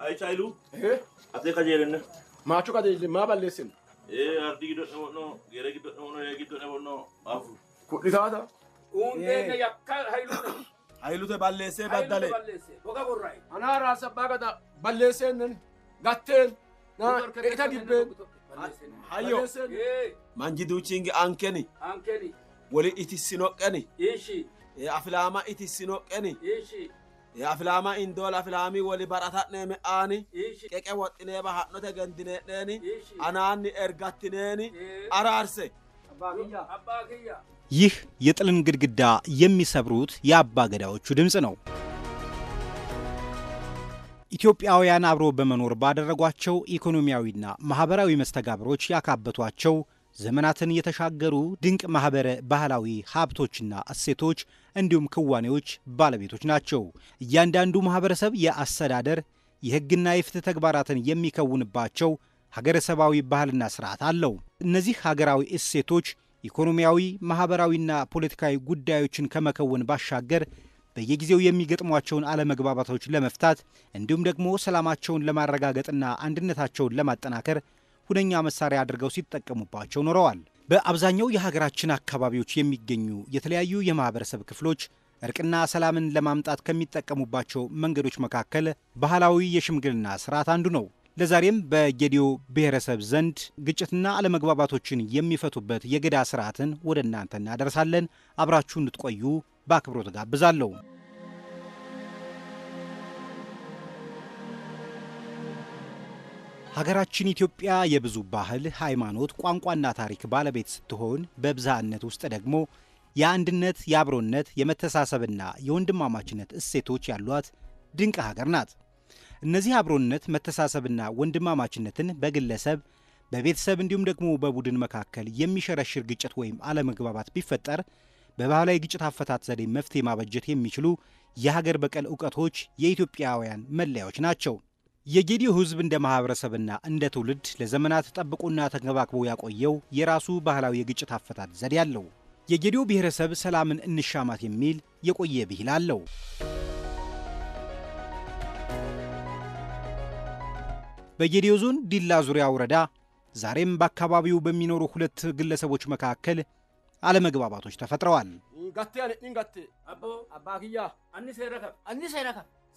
Ayicha Iluu. Atee qajeelinne. Maachuu qajeelli maa balleessin. Ardii giddoo dhawannoo geeree giddoo dhawannoo re'ee giddoo dhawannoo afu. Kudhisaa ta'a. Uundeenne yakka hayiluute. Hayiluute balleessee baddale. Hayiluute balleessee boga gorraayi. Anaa raasa baagata balleesseennan gatteen naa qeeta gibbeen. Hayyo. Manjiduuchiingi ankeni. Ankeni. Wali iti sinoqqeni. Ishii. aflaama iti sinoqqeni aflaama indool aflaamii woli baratadhee me'aani qeqe woxxinee bahadhote gendineedheeni anaanni ergattineeni araarse ይህ የጥልን ግድግዳ የሚሰብሩት የአባ ገዳዎቹ ድምፅ ነው። ኢትዮጵያውያን አብሮ በመኖር ባደረጓቸው ኢኮኖሚያዊና ማኅበራዊ መስተጋብሮች ያካበቷቸው ዘመናትን የተሻገሩ ድንቅ ማህበረ ባህላዊ ሀብቶችና እሴቶች እንዲሁም ክዋኔዎች ባለቤቶች ናቸው። እያንዳንዱ ማህበረሰብ የአስተዳደር የሕግና የፍትህ ተግባራትን የሚከውንባቸው ሀገረሰባዊ ባህልና ስርዓት አለው። እነዚህ ሀገራዊ እሴቶች ኢኮኖሚያዊ፣ ማህበራዊና ፖለቲካዊ ጉዳዮችን ከመከወን ባሻገር በየጊዜው የሚገጥሟቸውን አለመግባባቶች ለመፍታት እንዲሁም ደግሞ ሰላማቸውን ለማረጋገጥና አንድነታቸውን ለማጠናከር ሁነኛ መሳሪያ አድርገው ሲጠቀሙባቸው ኖረዋል። በአብዛኛው የሀገራችን አካባቢዎች የሚገኙ የተለያዩ የማህበረሰብ ክፍሎች እርቅና ሰላምን ለማምጣት ከሚጠቀሙባቸው መንገዶች መካከል ባህላዊ የሽምግልና ስርዓት አንዱ ነው። ለዛሬም በጌዲዮ ብሔረሰብ ዘንድ ግጭትና አለመግባባቶችን የሚፈቱበት የገዳ ስርዓትን ወደ እናንተ እናደርሳለን። አብራችሁ እንድትቆዩ በአክብሮት ጋብዛለሁ። ሀገራችን ኢትዮጵያ የብዙ ባህል፣ ሃይማኖት፣ ቋንቋና ታሪክ ባለቤት ስትሆን በብዝሃነት ውስጥ ደግሞ የአንድነት፣ የአብሮነት፣ የመተሳሰብና የወንድማማችነት እሴቶች ያሏት ድንቅ ሀገር ናት። እነዚህ አብሮነት፣ መተሳሰብና ወንድማማችነትን በግለሰብ በቤተሰብ እንዲሁም ደግሞ በቡድን መካከል የሚሸረሽር ግጭት ወይም አለመግባባት ቢፈጠር በባህላዊ ግጭት አፈታት ዘዴ መፍትሄ ማበጀት የሚችሉ የሀገር በቀል እውቀቶች የኢትዮጵያውያን መለያዎች ናቸው። የጌዲዮ ሕዝብ እንደ ማህበረሰብና እንደ ትውልድ ለዘመናት ጠብቆና ተንከባክቦ ያቆየው የራሱ ባህላዊ የግጭት አፈታት ዘዴ አለው። የጌዲዮ ብሔረሰብ ሰላምን እንሻማት የሚል የቆየ ብሂል አለው። በጌዲዮ ዞን ዲላ ዙሪያ ወረዳ ዛሬም በአካባቢው በሚኖሩ ሁለት ግለሰቦች መካከል አለመግባባቶች ተፈጥረዋል።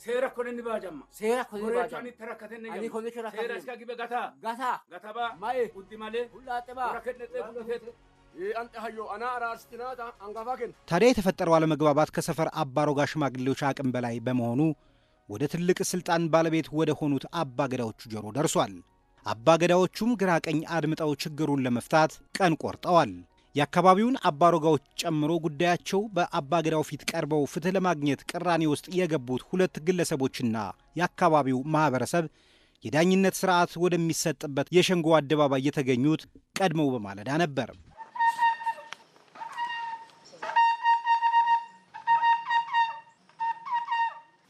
Seera kun inni baajamma. Seera kun inni baajamma. Koreechaan itti rakkateen ni jama. Seera iskaa gibe gataa. Gataa. Gatabaa. Ma'e. Guddi malee. Hullaaxebaa. Rakkeedhee guddifeetu. ታዲያ የተፈጠረው አለመግባባት ከሰፈር አባ ሮጋ ሽማግሌዎች አቅም በላይ በመሆኑ ወደ ትልቅ ስልጣን ባለቤት ወደ ሆኑት አባ ገዳዎቹ ጆሮ ደርሷል። አባ ገዳዎቹም ግራ ቀኝ አድምጠው ችግሩን ለመፍታት ቀን ቆርጠዋል። የአካባቢውን አባሮጋዎች ጨምሮ ጉዳያቸው በአባገዳው ፊት ቀርበው ፍትህ ለማግኘት ቅራኔ ውስጥ የገቡት ሁለት ግለሰቦችና የአካባቢው ማህበረሰብ የዳኝነት ስርዓት ወደሚሰጥበት የሸንጎ አደባባይ የተገኙት ቀድመው በማለዳ ነበር።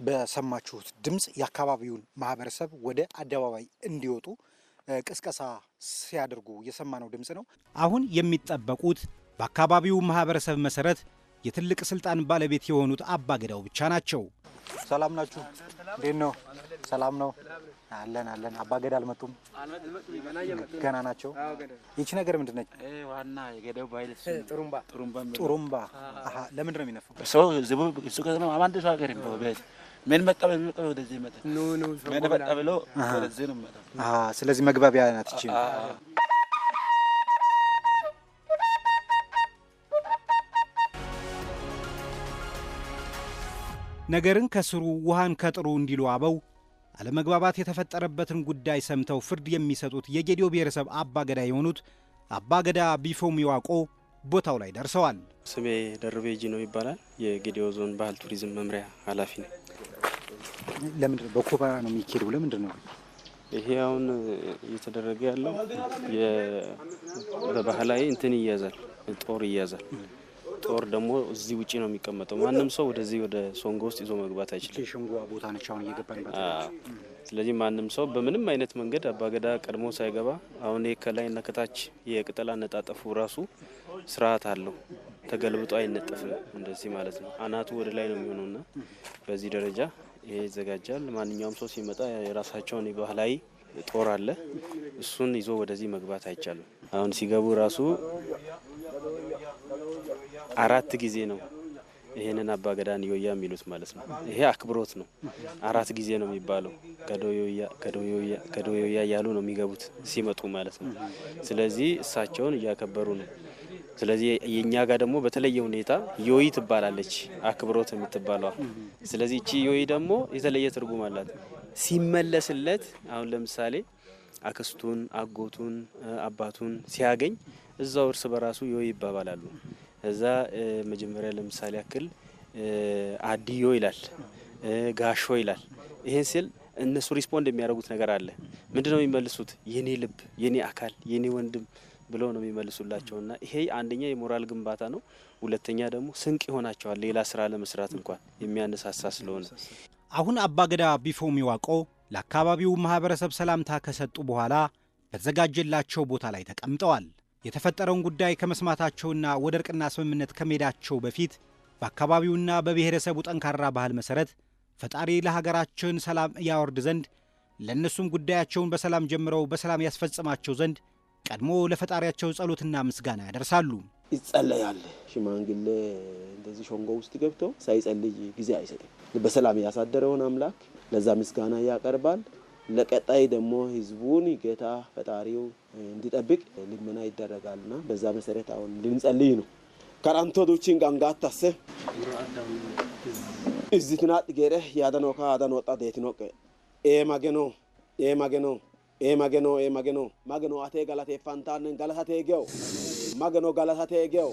በሰማችሁት ድምፅ የአካባቢውን ማህበረሰብ ወደ አደባባይ እንዲወጡ ቅስቀሳ ሲያደርጉ የሰማነው ድምፅ ነው። አሁን የሚጠበቁት በአካባቢው ማህበረሰብ መሰረት የትልቅ ስልጣን ባለቤት የሆኑት አባገዳው ብቻ ናቸው። ሰላም ናችሁ? እንዴት ነው? ሰላም ነው አለን አለን። አባገዳ አልመጡም፣ ገና ናቸው። ይቺ ነገር ምንድን ነች? ጥሩምባ። ለምንድን ነው የሚነፋው? ምን መጣ ምን መጣ ወደዚህ መጣ ኖ ኖ ምን መጣ ብሎ ወደዚህ ነው መጣ። አ ስለዚህ መግባቢያ ናት እቺ። ነገርን ከስሩ ውሃን ከጥሩ እንዲሉ አበው አለመግባባት የተፈጠረበትን ጉዳይ ሰምተው ፍርድ የሚሰጡት የጌዲዮ ብሔረሰብ አባገዳ የሆኑት አባገዳ ቢፎም ይዋቆ ቦታው ላይ ደርሰዋል። ስሜ ደርቤ ነው ይባላል። የጌዲዮ ዞን ባህል ቱሪዝም መምሪያ ኃላፊ ነው። ለምንድን ነው በኮባ ነው የሚካሄደው? ለምንድን ነው ይሄ አሁን እየተደረገ ያለው? በባህላዊ እንትን ይያዛል፣ ጦር ይያዛል። ጦር ደግሞ እዚህ ውጭ ነው የሚቀመጠው። ማንም ሰው ወደዚህ ወደ ሶንጎ ውስጥ ይዞ መግባት አይችልም። ሸንጎ ቦታ ነች አሁን እየገባንበት። ስለዚህ ማንም ሰው በምንም አይነት መንገድ አባገዳ ቀድሞ ሳይገባ አሁን ከላይና ከታች የቅጠል አነጣጠፉ ራሱ ስርዓት አለው። ተገልብጦ አይነጠፍም። እንደዚህ ማለት ነው። አናቱ ወደ ላይ ነው እና በዚህ ደረጃ ይሄ ይዘጋጃል። ማንኛውም ሰው ሲመጣ የራሳቸውን ባህላዊ ጦር አለ። እሱን ይዞ ወደዚህ መግባት አይቻልም። አሁን ሲገቡ ራሱ አራት ጊዜ ነው ይሄንን አባ ገዳን ዮያ የሚሉት ማለት ነው። ይሄ አክብሮት ነው። አራት ጊዜ ነው የሚባለው። ገዶዮያ እያሉ ነው የሚገቡት ሲመጡ ማለት ነው። ስለዚህ እሳቸውን እያከበሩ ነው። ስለዚህ የእኛ ጋር ደግሞ በተለየ ሁኔታ ዮይ ትባላለች፣ አክብሮት የምትባለዋ። ስለዚህ እቺ ዮይ ደግሞ የተለየ ትርጉም አላት። ሲመለስለት አሁን ለምሳሌ አክስቱን፣ አጎቱን፣ አባቱን ሲያገኝ እዛው እርስ በራሱ ዮይ ይባባላሉ። እዛ መጀመሪያ ለምሳሌ ያክል አድዮ ይላል፣ ጋሾ ይላል። ይህን ሲል እነሱ ሪስፖንድ የሚያደርጉት ነገር አለ። ምንድነው የሚመልሱት? የኔ ልብ፣ የኔ አካል፣ የኔ ወንድም ብለው ነው የሚመልሱላቸውና ይሄ አንደኛ የሞራል ግንባታ ነው። ሁለተኛ ደግሞ ስንቅ ይሆናቸዋል ሌላ ስራ ለመስራት እንኳን የሚያነሳሳ ስለሆነ አሁን አባገዳ ቢፎ ሚዋቆ ለአካባቢው ማህበረሰብ ሰላምታ ከሰጡ በኋላ በተዘጋጀላቸው ቦታ ላይ ተቀምጠዋል። የተፈጠረውን ጉዳይ ከመስማታቸውና ወደ እርቅና ስምምነት ከመሄዳቸው በፊት በአካባቢውና በብሔረሰቡ ጠንካራ ባህል መሰረት ፈጣሪ ለሀገራችን ሰላም ያወርድ ዘንድ ለእነሱም ጉዳያቸውን በሰላም ጀምረው በሰላም ያስፈጽማቸው ዘንድ ቀድሞ ለፈጣሪያቸው ጸሎትና ምስጋና ያደርሳሉ። ይጸለያል። ሽማግሌ እንደዚህ ሸንጎ ውስጥ ገብቶ ሳይጸልይ ጊዜ አይሰጥም። በሰላም ያሳደረውን አምላክ ለዛ ምስጋና ያቀርባል። ለቀጣይ ደግሞ ህዝቡን ጌታ ፈጣሪው እንዲጠብቅ ልመና ይደረጋልና በዛ መሰረት አሁን ልንጸልይ ነው። ከራንቶዶችን ጋንጋ ታሰ እዚትናጥ ጌረ ያደኖካ አደን ወጣ ዴትኖቀ ኤማገኖ ኤማገኖ ee mageno ee magenoo magenoo atee galateeffantaannen galatee ge'o magenoo galatee ge'o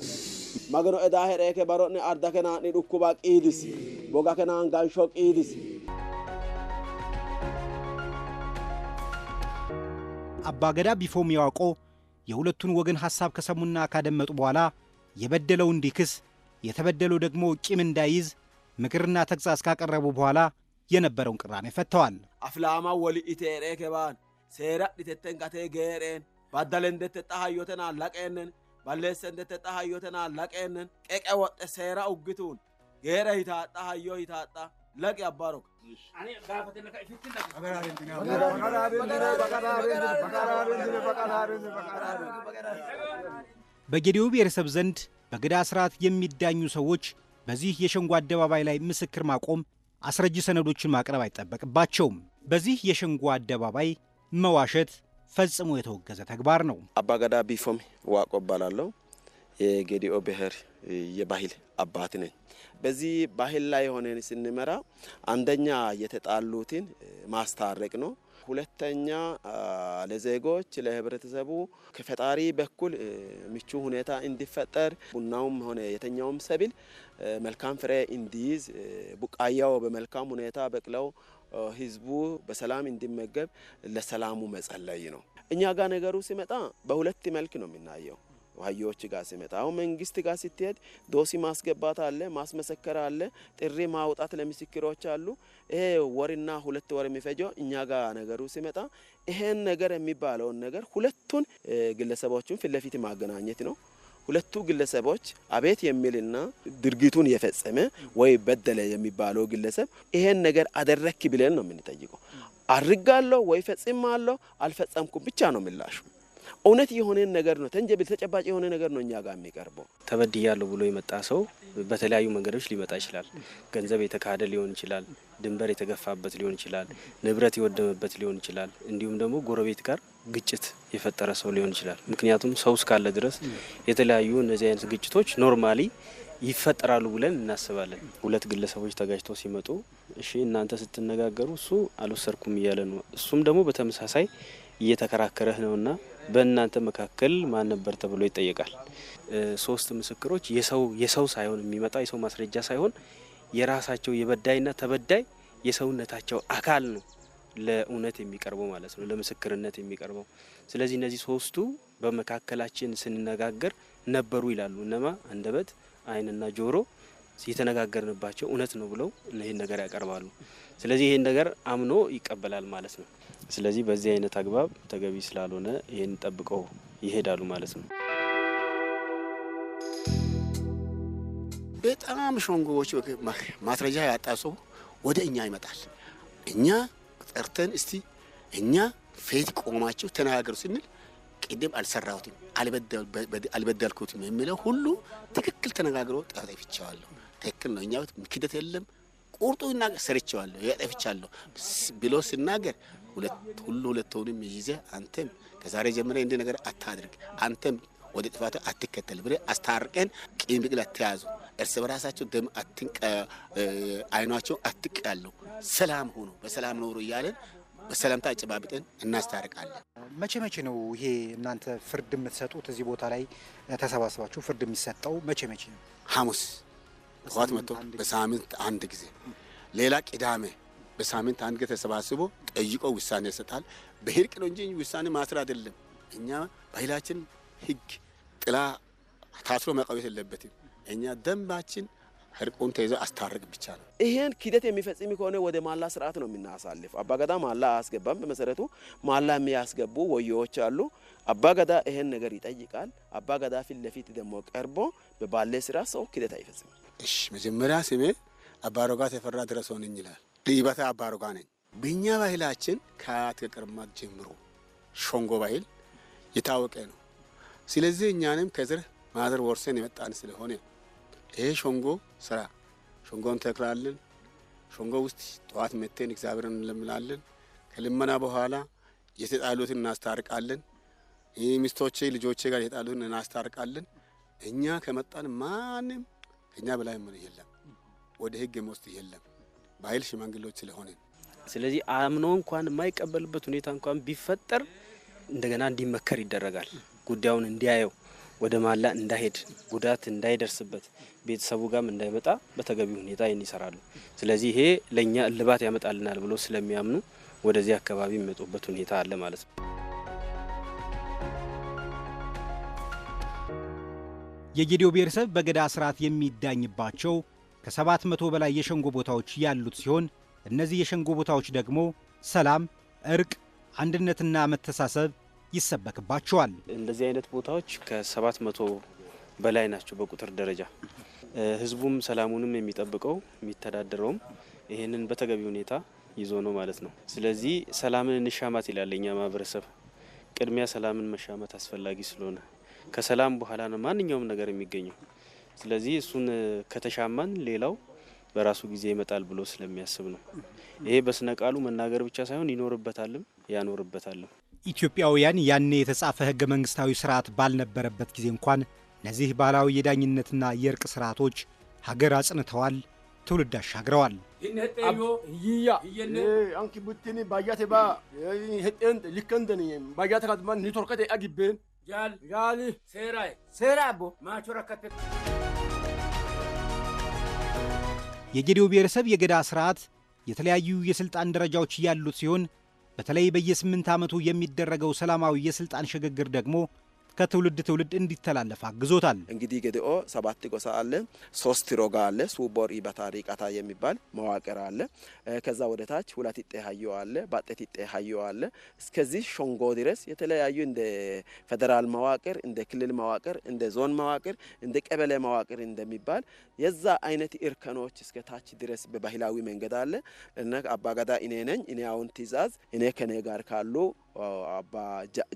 magenoo edaa hedheeke baro'ne arda kenaan ni dhukkubaa qiidis boga kenaan ganshoo qiidis. አባገዳ ቢፎም የዋቆ የሁለቱን ወገን ሐሳብ ከሰሙና ካደመጡ በኋላ የበደለው እንዲክስ የተበደለው ደግሞ ቂም እንዳይዝ ምክርና ተግሣጽ ካቀረቡ በኋላ የነበረውን ቅራኔ ፈተዋል። አፍላማ ወልኢቴሬ ከባን seera dhitetten gatee geereen dette baddale indettexa hayyoten allaqeennen balleesse indettexa hayyoten allaqeennen qeqe woxxe seera uggituun geere hitaaxxa hayyo hitaaxxa laqi abbaarok በጌዲዮ ብሔረሰብ ዘንድ በገዳ ስርዓት የሚዳኙ ሰዎች በዚህ የሸንጎ አደባባይ ላይ ምስክር ማቆም፣ አስረጂ ሰነዶችን ማቅረብ አይጠበቅባቸውም። በዚህ የሸንጎ አደባባይ መዋሸት ፈጽሞ የተወገዘ ተግባር ነው። አባገዳ ቢፎም ዋቆ እባላለሁ። የጌዲኦ ብሔር የባህል አባት ነኝ። በዚህ ባህል ላይ የሆነን ስንመራ አንደኛ የተጣሉትን ማስታረቅ ነው። ሁለተኛ ለዜጎች ለህብረተሰቡ ከፈጣሪ በኩል ምቹ ሁኔታ እንዲፈጠር ቡናውም ሆነ የተኛውም ሰብል መልካም ፍሬ እንዲይዝ ቡቃያው በመልካም ሁኔታ በቅለው ህዝቡ በሰላም እንዲመገብ ለሰላሙ መጸለይ ነው። እኛ ጋር ነገሩ ሲመጣ በሁለት መልክ ነው የሚናየው። ውሀዮች ጋር ሲመጣ አሁን መንግስት ጋር ስትሄድ ዶሲ ማስገባት አለ፣ ማስመሰከር አለ፣ ጥሪ ማውጣት ለምስክሮች አሉ። ይሄ ወርና ሁለት ወር የሚፈጀው እኛ ጋር ነገሩ ሲመጣ ይሄን ነገር የሚባለውን ነገር ሁለቱን ግለሰቦችን ፊት ለፊት ማገናኘት ነው። ሁለቱ ግለሰቦች አቤት የሚልና ድርጊቱን የፈጸመ ወይ በደለ የሚባለው ግለሰብ ይሄን ነገር አደረክ ብለን ነው የምንጠይቀው። አድርጋለሁ ወይ ፈጽማለሁ አልፈጸምኩም ብቻ ነው ምላሹ። እውነት የሆነ ነገር ነው ተንጀብል ተጨባጭ የሆነ ነገር ነው እኛ ጋር የሚቀርበው። ተበድያለሁ ብሎ የመጣ ሰው በተለያዩ መንገዶች ሊመጣ ይችላል። ገንዘብ የተካደ ሊሆን ይችላል፣ ድንበር የተገፋበት ሊሆን ይችላል፣ ንብረት የወደመበት ሊሆን ይችላል። እንዲሁም ደግሞ ጎረቤት ጋር ግጭት የፈጠረ ሰው ሊሆን ይችላል። ምክንያቱም ሰው እስካለ ድረስ የተለያዩ እነዚህ አይነት ግጭቶች ኖርማሊ ይፈጠራሉ ብለን እናስባለን። ሁለት ግለሰቦች ተጋጅተው ሲመጡ እሺ እናንተ ስትነጋገሩ እሱ አልወሰድኩም እያለ ነው፣ እሱም ደግሞ በተመሳሳይ እየተከራከረህ ነውና በእናንተ መካከል ማን ነበር ተብሎ ይጠየቃል። ሶስት ምስክሮች የሰው የሰው ሳይሆን የሚመጣ የሰው ማስረጃ ሳይሆን የራሳቸው የበዳይና ተበዳይ የሰውነታቸው አካል ነው ለእውነት የሚቀርበው ማለት ነው፣ ለምስክርነት የሚቀርበው። ስለዚህ እነዚህ ሶስቱ በመካከላችን ስንነጋገር ነበሩ ይላሉ። እነማ አንደበት፣ አይንና ጆሮ የተነጋገርንባቸው እውነት ነው ብለው ይህን ነገር ያቀርባሉ። ስለዚህ ይህን ነገር አምኖ ይቀበላል ማለት ነው። ስለዚህ በዚህ አይነት አግባብ ተገቢ ስላልሆነ ይህን ጠብቀው ይሄዳሉ ማለት ነው። በጣም ሸንጎዎች ማስረጃ ያጣ ሰው ወደ እኛ ይመጣል እኛ ጠርተን እስቲ እኛ ፌት ቆማችሁ ተነጋገሩ ስንል ቅድም አልሰራሁትም አልበደልኩትም የሚለው ሁሉ ትክክል ተነጋግሮ ጠፍቼዋለሁ፣ ትክክል ነው፣ እኛ ክደት የለም፣ ቁርጡ ይናገር፣ ሰርቸዋለሁ ያጠፍቻለሁ ብሎ ሲናገር ሁሉ ሁለቱንም ይዘ አንተም ከዛሬ ጀምረ እንዲ ነገር አታድርግ፣ አንተም ወደ ጥፋት አትከተል ብለህ አስታርቀን ቂም ብቅል አትያዙ። እርስ በራሳቸው ደም አይኗቸው ያለው ሰላም ሆኖ በሰላም ኖሩ እያለን በሰላምታ አጨባብጠን እናስታርቃለን። መቼ መቼ ነው ይሄ እናንተ ፍርድ የምትሰጡት? እዚህ ቦታ ላይ ተሰባስባችሁ ፍርድ የሚሰጠው መቼ መቼ ነው? ሐሙስ ጠዋት መጥቶ በሳምንት አንድ ጊዜ፣ ሌላ ቅዳሜ በሳምንት አንድ ጊዜ ተሰባስቦ ጠይቆ ውሳኔ ይሰጣል። በእርቅ ነው እንጂ ውሳኔ ማስር አይደለም። እኛ ባህላችን ህግ ጥላ ታስሮ መቆየት የለበትም። እኛ ደንባችን እርቁን ተይዞ አስታርቅ ብቻ ነው። ይሄን ሂደት የሚፈጽም ከሆነ ወደ ማላ ስርዓት ነው የምናሳልፍ። አባገዳ ማላ አያስገባም። በመሰረቱ ማላ የሚያስገቡ ወዮዎች አሉ። አባገዳ ይሄን ነገር ይጠይቃል። አባገዳ ፊት ለፊት ደግሞ ቀርቦ በባለ ስራ ሰው ሂደት አይፈጽም። እሺ መጀመሪያ ስሜ አባሮጋ ተፈራ ድረስ ሆነኝ ይላል። ዲበታ አባሮጋ ነኝ። በእኛ ባህላችን ከአያት ከቅርማት ጀምሮ ሾንጎ ባህል የታወቀ ነው። ስለዚህ እኛንም ከዝር ማዘር ወርሰን የመጣን ስለሆነ ይሄ ሾንጎ ስራ ሸንጎን ተክላለን። ሾንጎ ውስጥ ጠዋት መጥተን እግዚአብሔርን እንለምናለን። ከልመና በኋላ የተጣሉትን እናስታርቃለን። ይህ ሚስቶቼ ልጆቼ ጋር የተጣሉትን እናስታርቃለን። እኛ ከመጣን ማንም ከእኛ በላይ የለም፣ ወደ ህግ የመወስድ የለም። በኃይል ሽማግሌዎች ስለሆነን ስለዚህ አምኖ እንኳን የማይቀበልበት ሁኔታ እንኳን ቢፈጠር እንደገና እንዲመከር ይደረጋል። ጉዳዩን እንዲያየው ወደ ማላ እንዳይሄድ ጉዳት እንዳይደርስበት ቤተሰቡ ጋም እንዳይመጣ በተገቢ ሁኔታ ይህን ይሰራሉ። ስለዚህ ይሄ ለእኛ እልባት ያመጣልናል ብሎ ስለሚያምኑ ወደዚህ አካባቢ የሚመጡበት ሁኔታ አለ ማለት ነው። የጌዲዮ ብሔረሰብ በገዳ ስርዓት የሚዳኝባቸው ከሰባት መቶ በላይ የሸንጎ ቦታዎች ያሉት ሲሆን እነዚህ የሸንጎ ቦታዎች ደግሞ ሰላም፣ እርቅ፣ አንድነትና መተሳሰብ ይሰበክባቸዋል። እንደዚህ አይነት ቦታዎች ከሰባት መቶ በላይ ናቸው በቁጥር ደረጃ። ህዝቡም ሰላሙንም የሚጠብቀው የሚተዳደረውም ይህንን በተገቢ ሁኔታ ይዞ ነው ማለት ነው። ስለዚህ ሰላምን እንሻማት ይላል የኛ ማህበረሰብ። ቅድሚያ ሰላምን መሻማት አስፈላጊ ስለሆነ ከሰላም በኋላ ነው ማንኛውም ነገር የሚገኘው። ስለዚህ እሱን ከተሻማን ሌላው በራሱ ጊዜ ይመጣል ብሎ ስለሚያስብ ነው። ይሄ በስነ ቃሉ መናገር ብቻ ሳይሆን ይኖርበታልም ያኖርበታልም። ኢትዮጵያውያን ያኔ የተጻፈ ህገ መንግስታዊ ስርዓት ባልነበረበት ጊዜ እንኳን እነዚህ ባህላዊ የዳኝነትና የእርቅ ስርዓቶች ሀገር አጽንተዋል፣ ትውልድ አሻግረዋል። የጌዲዮ ብሔረሰብ የገዳ ስርዓት የተለያዩ የሥልጣን ደረጃዎች ያሉት ሲሆን በተለይ በየስምንት ዓመቱ የሚደረገው ሰላማዊ የሥልጣን ሽግግር ደግሞ ከትውልድ ትውልድ እንዲተላለፍ አግዞታል። እንግዲህ ገዲኦ ሰባት ጎሳ አለ፣ ሶስት ሮጋ አለ፣ ሱቦር ኢበታሪ የሚባል መዋቅር አለ። ከዛ ወደ ታች ሁላት ሀዮ አለ፣ ባጤት ሀዮ አለ። እስከዚህ ሾንጎ ድረስ የተለያዩ እንደ ፌዴራል መዋቅር፣ እንደ ክልል መዋቅር፣ እንደ ዞን መዋቅር፣ እንደ ቀበሌ መዋቅር እንደሚባል የዛ አይነት እርከኖች እስከ ታች ድረስ በባህላዊ መንገድ አለ እና አባጋዳ እኔ ነኝ እኔ አሁን ትእዛዝ እኔ ከኔ ጋር ካሉ አባ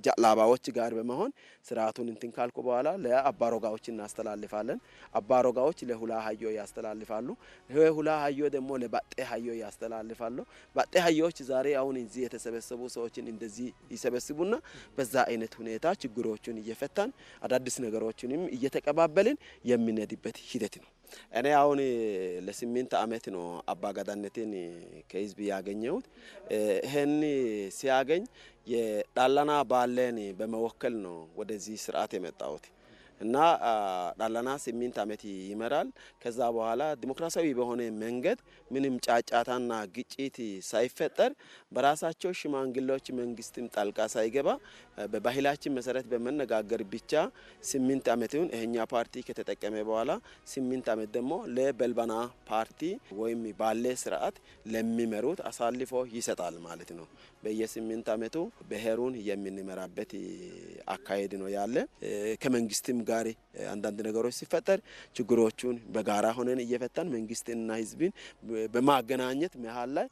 ጃላባዎች ጋር በመሆን ስርዓቱን እንትን ካልኩ በኋላ ለአባሮጋዎች እናስተላልፋለን። አባሮጋዎች ለሁላ ሀዮ ያስተላልፋሉ። ሁላ ሀዮ ደግሞ ለባጤ ሀዮ ያስተላልፋሉ። ባጤ ሀዮዎች ዛሬ አሁን እዚህ የተሰበሰቡ ሰዎችን እንደዚህ ይሰበስቡና በዛ አይነት ሁኔታ ችግሮቹን እየፈታን አዳዲስ ነገሮችንም እየተቀባበልን የምንሄድበት ሂደት ነው። እኔ አሁን ለስምንት አመት ነው አባገዳነትን ከህዝብ ያገኘሁት። ይህን ሲያገኝ የጣላና ባለን በመወከል ነው ወደዚህ ስርዓት የመጣሁት። እና ዳላና ስምንት ዓመት ይመራል። ከዛ በኋላ ዲሞክራሲያዊ በሆነ መንገድ ምንም ጫጫታና ግጭት ሳይፈጠር በራሳቸው ሽማግሌዎች መንግስትም ጣልቃ ሳይገባ በባህላችን መሰረት በመነጋገር ብቻ ስምንት ዓመቱን ይሄኛ ፓርቲ ከተጠቀመ በኋላ ስምንት ዓመት ደግሞ ለበልባና ፓርቲ ወይም ባለ ስርዓት ለሚመሩት አሳልፎ ይሰጣል ማለት ነው። በየስምንት ዓመቱ ብሔሩን የምንመራበት አካሄድ ነው ያለ ከመንግስትም ጋር አስቸጋሪ አንዳንድ ነገሮች ሲፈጠር ችግሮቹን በጋራ ሆነን እየፈታን መንግስትንና ህዝብን በማገናኘት መሀል ላይ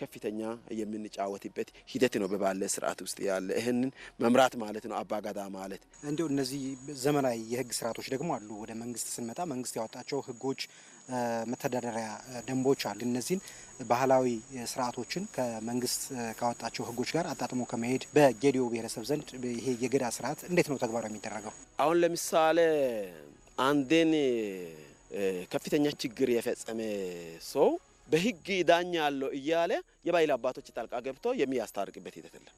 ከፍተኛ የምንጫወትበት ሂደት ነው። በባለ ስርዓት ውስጥ ያለ ይህንን መምራት ማለት ነው አባጋዳ ማለት እንዲሁ እነዚህ ዘመናዊ የህግ ስርዓቶች ደግሞ አሉ። ወደ መንግስት ስንመጣ መንግስት ያወጣቸው ህጎች መተዳደሪያ ደንቦች አሉ። እነዚህን ባህላዊ ስርዓቶችን ከመንግስት ካወጣቸው ህጎች ጋር አጣጥሞ ከመሄድ በጌዲዮ ብሔረሰብ ዘንድ ይሄ የገዳ ስርዓት እንዴት ነው ተግባራዊ የሚደረገው? አሁን ለምሳሌ አንድን ከፍተኛ ችግር የፈጸመ ሰው በህግ ዳኛ አለው እያለ የባህል አባቶች ጣልቃ ገብቶ የሚያስታርቅበት ሂደት የለም።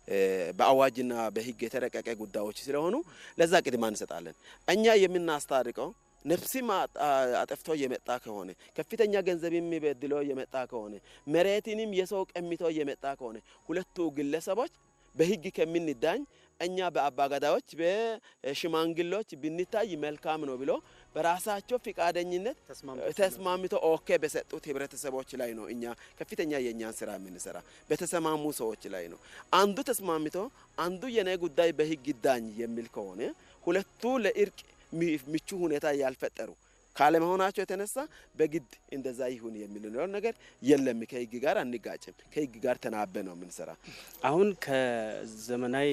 በአዋጅና በህግ የተረቀቀ ጉዳዮች ስለሆኑ ለዛ ቅድማ እንሰጣለን። እኛ የምናስታርቀው ነፍስም አጠፍቶ እየመጣ ከሆነ ከፍተኛ ገንዘብ በድሎ እየመጣ ከሆነ መሬትንም የሰው ቀሚቶ እየመጣ ከሆነ ሁለቱ ግለሰቦች በህግ ከምንዳኝ እኛ በአባጋዳዎች በሽማግሌዎች ብንታይ መልካም ነው ብሎ በራሳቸው ፍቃደኝነት ተስማምቶ ኦኬ በሰጡት ህብረተሰቦች ላይ ነው እኛ ከፍተኛ የእኛን ስራ የምንሰራ በተሰማሙ ሰዎች ላይ ነው። አንዱ ተስማምቶ አንዱ የኔ ጉዳይ በሕግ ዳኝ የሚል ከሆነ ሁለቱ ለእርቅ ምቹ ሁኔታ ያልፈጠሩ ካለመሆናቸው የተነሳ በግድ እንደዛ ይሁን የሚለው ነገር የለም። ከህግ ጋር አንጋጭም። ከህግ ጋር ተናበ ነው የምንሰራ። አሁን ከዘመናዊ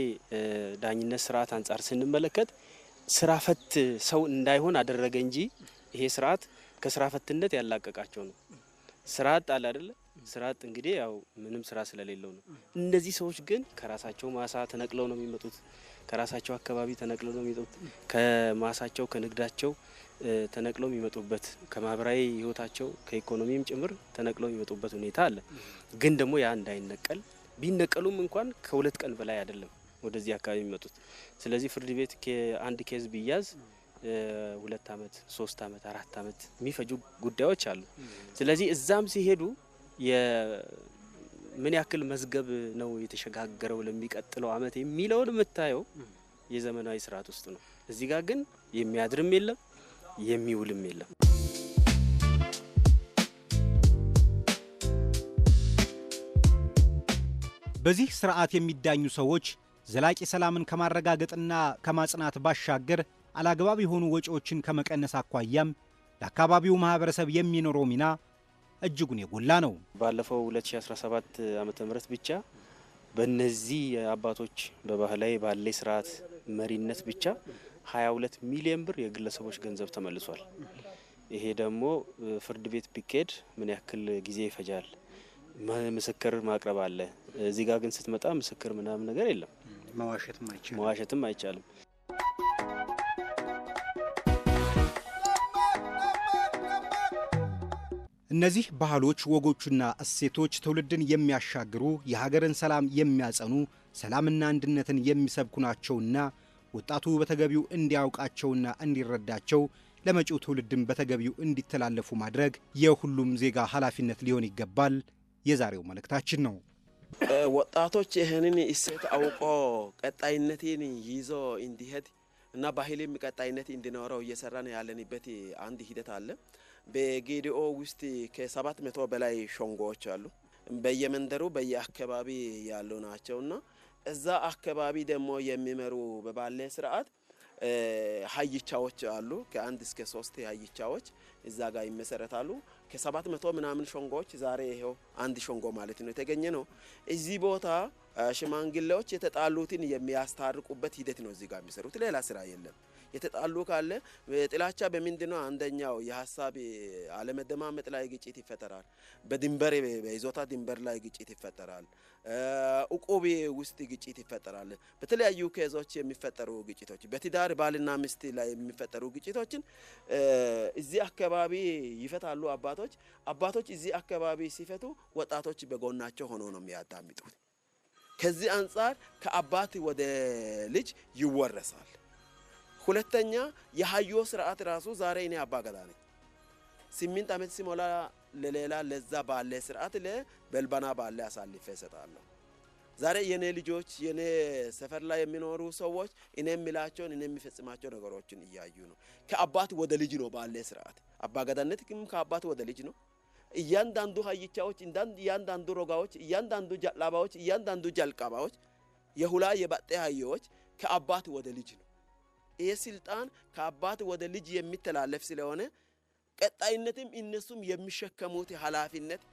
ዳኝነት ስርዓት አንጻር ስንመለከት ስራ ፈት ሰው እንዳይሆን አደረገ እንጂ ይሄ ስርዓት ከስራ ፈትነት ያላቀቃቸው ነው። ስራ አጥ አለ አይደለ? ስራ አጥ እንግዲህ ያው ምንም ስራ ስለሌለው ነው። እነዚህ ሰዎች ግን ከራሳቸው ማሳ ተነቅለው ነው የሚመጡት። ከራሳቸው አካባቢ ተነቅለው ነው የሚመጡት። ከማሳቸው ከንግዳቸው ተነቅለው የሚመጡበት ከማህበራዊ ህይወታቸው ከኢኮኖሚም ጭምር ተነቅለው የሚመጡበት ሁኔታ አለ። ግን ደግሞ ያ እንዳይነቀል ቢነቀሉም እንኳን ከሁለት ቀን በላይ አይደለም ወደዚህ አካባቢ የሚመጡት። ስለዚህ ፍርድ ቤት አንድ ኬዝ ቢያዝ ሁለት አመት፣ ሶስት አመት፣ አራት አመት የሚፈጁ ጉዳዮች አሉ። ስለዚህ እዛም ሲሄዱ ምን ያክል መዝገብ ነው የተሸጋገረው ለሚቀጥለው አመት የሚለውን የምታየው የዘመናዊ ስርዓት ውስጥ ነው። እዚህ ጋር ግን የሚያድርም የለም የሚውልም የለም። በዚህ ስርዓት የሚዳኙ ሰዎች ዘላቂ ሰላምን ከማረጋገጥና ከማጽናት ባሻገር አላግባብ የሆኑ ወጪዎችን ከመቀነስ አኳያም ለአካባቢው ማህበረሰብ የሚኖረው ሚና እጅጉን የጎላ ነው። ባለፈው 2017 ዓመተ ምህረት ብቻ በነዚህ አባቶች በባህላዊ ባሌ ስርዓት መሪነት ብቻ 22 ሚሊዮን ብር የግለሰቦች ገንዘብ ተመልሷል። ይሄ ደግሞ ፍርድ ቤት ቢካሄድ ምን ያክል ጊዜ ይፈጃል? ምስክር ማቅረብ አለ። እዚህ ጋር ግን ስትመጣ ምስክር ምናምን ነገር የለም። መዋሸትም አይቻልም። እነዚህ ባህሎች፣ ወጎቹና እሴቶች ትውልድን የሚያሻግሩ የሀገርን ሰላም የሚያጸኑ፣ ሰላምና አንድነትን የሚሰብኩ ናቸውና ወጣቱ በተገቢው እንዲያውቃቸውና እንዲረዳቸው ለመጪው ትውልድን በተገቢው እንዲተላለፉ ማድረግ የሁሉም ዜጋ ኃላፊነት ሊሆን ይገባል የዛሬው መልእክታችን ነው። ወጣቶች ይህንን እሴት አውቆ ቀጣይነትን ይዞ እንዲሄድ እና ባህልም ቀጣይነት እንዲኖረው እየሰራን ያለንበት አንድ ሂደት አለ። በጌዲኦ ውስጥ ከሰባት መቶ በላይ ሸንጎዎች አሉ። በየመንደሩ በየአካባቢ ያሉ ናቸውና እዛ አካባቢ ደግሞ የሚመሩ በባለ ስርዓት ሀይቻዎች አሉ። ከአንድ እስከ ሶስት ሀይቻዎች እዛ ጋር ይመሰረታሉ። ከሰባት መቶ ምናምን ሸንጎዎች ዛሬ ይኸው አንድ ሸንጎ ማለት ነው የተገኘ ነው። እዚህ ቦታ ሽማግሌዎች የተጣሉትን የሚያስታርቁበት ሂደት ነው እዚህ ጋር የሚሰሩት ሌላ ስራ የለም። የተጣሉ ካለ ጥላቻ በምንድነው? አንደኛው የሀሳብ አለመደማመጥ ላይ ግጭት ይፈጠራል። በድንበር በይዞታ ድንበር ላይ ግጭት ይፈጠራል። እቁብ ውስጥ ግጭት ይፈጠራል። በተለያዩ ኬዞች የሚፈጠሩ ግጭቶች፣ በትዳር ባልና ሚስት ላይ የሚፈጠሩ ግጭቶችን እዚህ አካባቢ ይፈታሉ አባቶች። አባቶች እዚህ አካባቢ ሲፈቱ ወጣቶች በጎናቸው ሆኖ ነው የሚያዳምጡት። ከዚህ አንጻር ከአባት ወደ ልጅ ይወረሳል። ሁለተኛ የሀዮ ስርዓት ራሱ ዛሬ እኔ አባገዳ ነኝ። ስምንት ዓመት ሲሞላ ለሌላ ለዛ ባለ ስርዓት ለበልባና ባለ አሳልፌ እሰጣለሁ። ዛሬ የኔ ልጆች የኔ ሰፈር ላይ የሚኖሩ ሰዎች እኔ የሚላቸውን እኔ የሚፈጽማቸው ነገሮችን እያዩ ነው። ከአባት ወደ ልጅ ነው ባለ ስርዓት። አባገዳነት ግን ከአባት ወደ ልጅ ነው። እያንዳንዱ ሀይቻዎች፣ እያንዳንዱ ሮጋዎች፣ እያንዳንዱ ጃላባዎች፣ እያንዳንዱ ጃልቃባዎች፣ የሁላ የባጤ ሀዮዎች ከአባት ወደ ልጅ ነው። ይህ ስልጣን ከአባት ወደ ልጅ የሚተላለፍ ስለሆነ ቀጣይነትም እነሱም የሚሸከሙት ኃላፊነት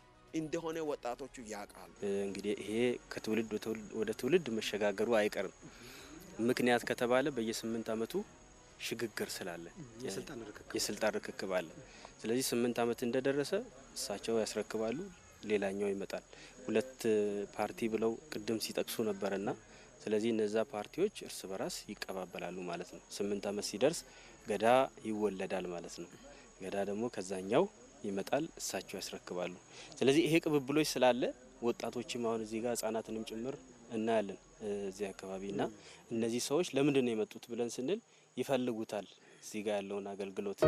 እንደሆነ ወጣቶቹ ያውቃሉ። እንግዲህ ይሄ ከትውልድ ወደ ትውልድ መሸጋገሩ አይቀርም። ምክንያት ከተባለ በየስምንት ዓመቱ ሽግግር ስላለ የስልጣን ርክክብ አለ። ስለዚህ ስምንት ዓመት እንደደረሰ እሳቸው ያስረክባሉ፣ ሌላኛው ይመጣል። ሁለት ፓርቲ ብለው ቅድም ሲጠቅሱ ነበርና ስለዚህ እነዛ ፓርቲዎች እርስ በራስ ይቀባበላሉ ማለት ነው። ስምንት ዓመት ሲደርስ ገዳ ይወለዳል ማለት ነው። ገዳ ደግሞ ከዛኛው ይመጣል፣ እሳቸው ያስረክባሉ። ስለዚህ ይሄ ቅብብሎች ስላለ ወጣቶችም አሁን እዚህ ጋር ህጻናትንም ጭምር እናያለን እዚህ አካባቢ እና እነዚህ ሰዎች ለምንድን ነው የመጡት ብለን ስንል ይፈልጉታል እዚህ ጋር ያለውን አገልግሎት